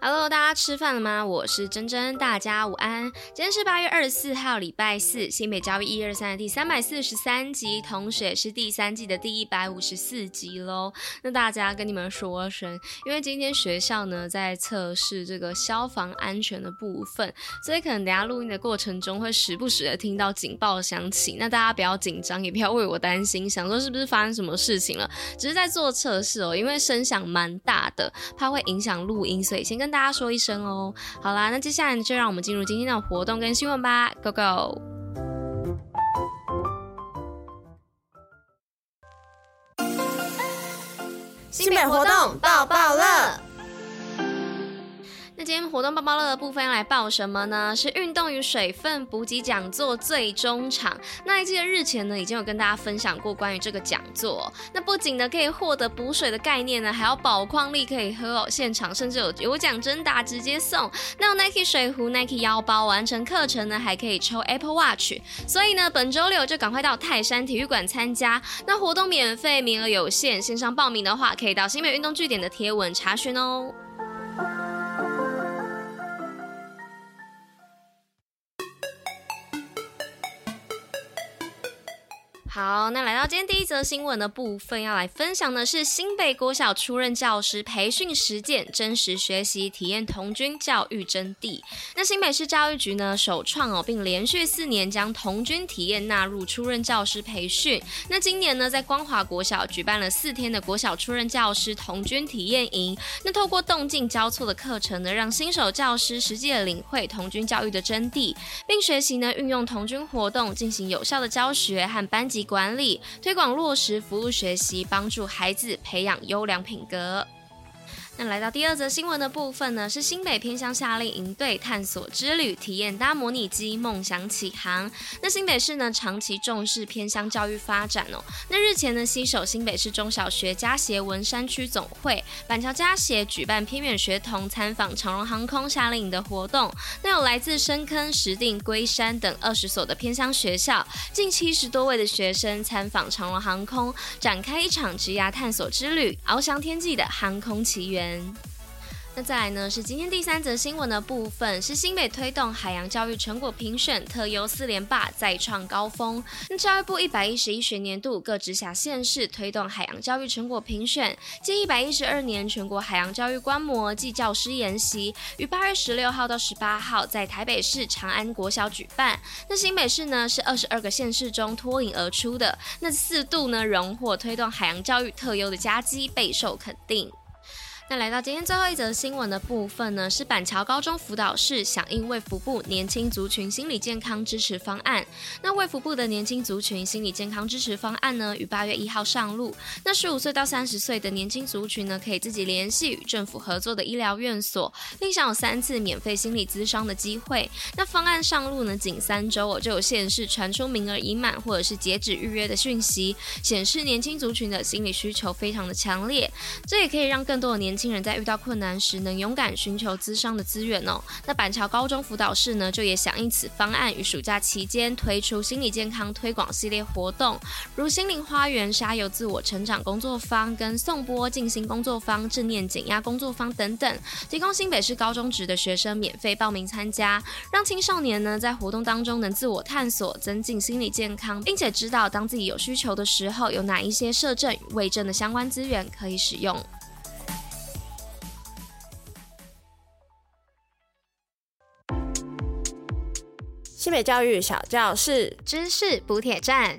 Hello，大家吃飯了嗎？我是珍珍，大家午安。今天是八月二十四號，禮拜四，新北教育一二三的第三百四十三集，同時也是第三季的第一百五十四集嘍。那大家跟你們說聲，因為今天學校呢在測試這個消防安全的部分，所以可能等下錄音的過程中會時不時的聽到警報響起。那大家不要緊張，也不要為我擔心，想說是不是發生什麼事情了？只是在做測試哦，因為聲響蠻大的，怕會影響錄音，所以先跟。跟大家說一聲哦，好啦，那接下來就讓我們進入今天的活動跟新聞吧，Go Go！新北活動報報樂。抱抱了那今天活動報報樂的部分要來報什麼呢？是運動與水分補給講座最終場。那還記得日前呢，已經有跟大家分享過關於這個講座哦。那不僅呢可以獲得補水的概念呢，還要寶礦力可以喝哦。現場甚至有有獎徵答，直接送那 Nike 水壺、Nike 腰包。完成課程呢，還可以抽 Apple Watch。所以呢，本周六就趕快到泰山體育館參加。那活動免費，名額有限，線上報名的話可以到新美運動據點的貼文查詢哦。好，那來到今天第一則新聞的部分，要來分享的是新北國小初任教師培訓實踐真實學習體驗童軍教育真諦。那新北市教育局呢首創哦，並連續四年將童軍體驗納入初任教師培訓。那今年呢，在光華國小舉辦了四天的國小初任教師童軍體驗營。那透過動靜交錯的課程呢，讓新手教師實際的領會童軍教育的真諦，並學習呢運用童軍活動進行有效的教學和班級。管理、推廣、落實、服務學習，幫助孩子培養優良品格。那來到第二則新聞的部分呢，是新北偏鄉夏令營隊探索之旅，體驗搭模擬機，夢想啟航。那新北市呢，長期重視偏鄉教育發展哦。那日前呢，攜手新北市中小學家協文山區總會、板橋家協舉辦偏遠學童參訪長榮航空夏令營的活動。那有來自深坑、石碇、龜山等二十所的偏鄉學校，近七十多位的學生參訪長榮航空，展開一場職涯探索之旅，翱翔天際的航空奇緣。那再來呢？是今天第三則新聞的部分，是新北推動海洋教育成果評選特優四連霸，再創高峰。那教育部一百一十一學年度各直轄縣市推動海洋教育成果評選，近一百一十二年全國海洋教育觀摩暨教師研習，於八月十六號到十八號在台北市長安國小舉辦。那新北市呢，是二十二個縣市中脫穎而出的，那四度呢榮獲推動海洋教育特優的佳績，備受肯定。那來到今天最後一則新聞的部分呢，是板橋高中輔導室響應衛福部年輕族群心理健康支持方案。那衛福部的年輕族群心理健康支持方案呢，於八月一號上路。那十五歲到三十歲的年輕族群呢，可以自己聯繫與政府合作的醫療院所，並享有三次免費心理諮商的機會。那方案上路呢，僅三周我、哦、就有縣市傳出名額已滿或者是截止預約的訊息，顯示年輕族群的心理需求非常的強烈。這也可以讓更多的年。年輕人在遇到困難時，能勇敢尋求諮商的資源哦。那板橋高中輔導室呢，就也響應此方案，於暑假期間推出心理健康推廣系列活動，如心靈花園沙遊、油自我成長工作坊、跟頌缽靜心工作坊、正念減壓工作坊等等，提供新北市高中職的學生免費報名參加，讓青少年呢在活動當中能自我探索，增進心理健康，並且知道當自己有需求的時候，有哪一些社政與衛政的相關資源可以使用。新北教育小教室知識補帖站。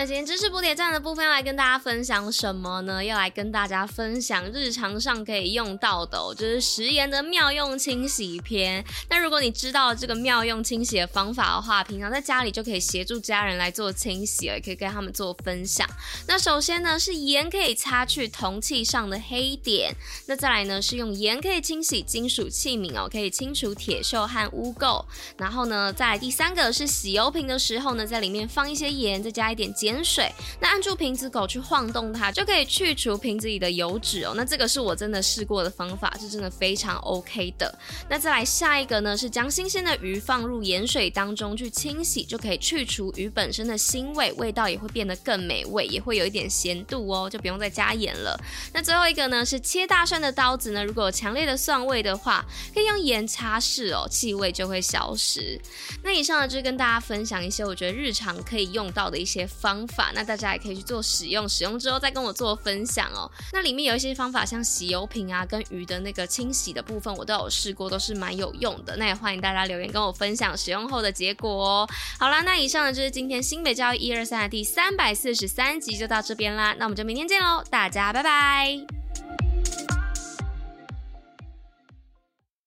那今天知識補帖站的部分要來跟大家分享什麼呢？要來跟大家分享日常上可以用到的喔，就是食鹽的妙用清洗篇。那如果你知道這個妙用清洗的方法的話，平常在家裡就可以協助家人來做清洗了喔，也可以跟他們做分享。那首先呢是鹽可以擦去銅器上的黑點，那再來呢是用鹽可以清洗金屬器皿哦喔，可以清除鐵鏽和污垢。然後呢，在第三個是洗油瓶的時候呢，在裡面放一些鹽，再加一點鹼。鹽水，那按住瓶子口去晃動它，就可以去除瓶子裡的油脂哦。那這個是我真的試過的方法，是真的非常 OK 的。那再來下一個呢，是將新鮮的魚放入鹽水當中去清洗，就可以去除魚本身的腥味，味道也會變得更美味，也會有一點鹹度哦，就不用再加鹽了。那最後一個呢，是切大蒜的刀子呢，如果有強烈的蒜味的話，可以用鹽擦拭哦，氣味就會消失。那以上呢，就是跟大家分享一些我覺得日常可以用到的一些方法。方法，那大家也可以去做使用，使用之後再跟我做分享哦。那裡面有一些方法，像洗油瓶啊，跟魚的那個清洗的部分，我都有試過，都是蠻有用的。那也歡迎大家留言跟我分享使用後的結果哦。好啦，那以上呢，就是今天新北教育一二三的第三百四十三集，就到這邊啦。那我們就明天見嘍，大家拜拜。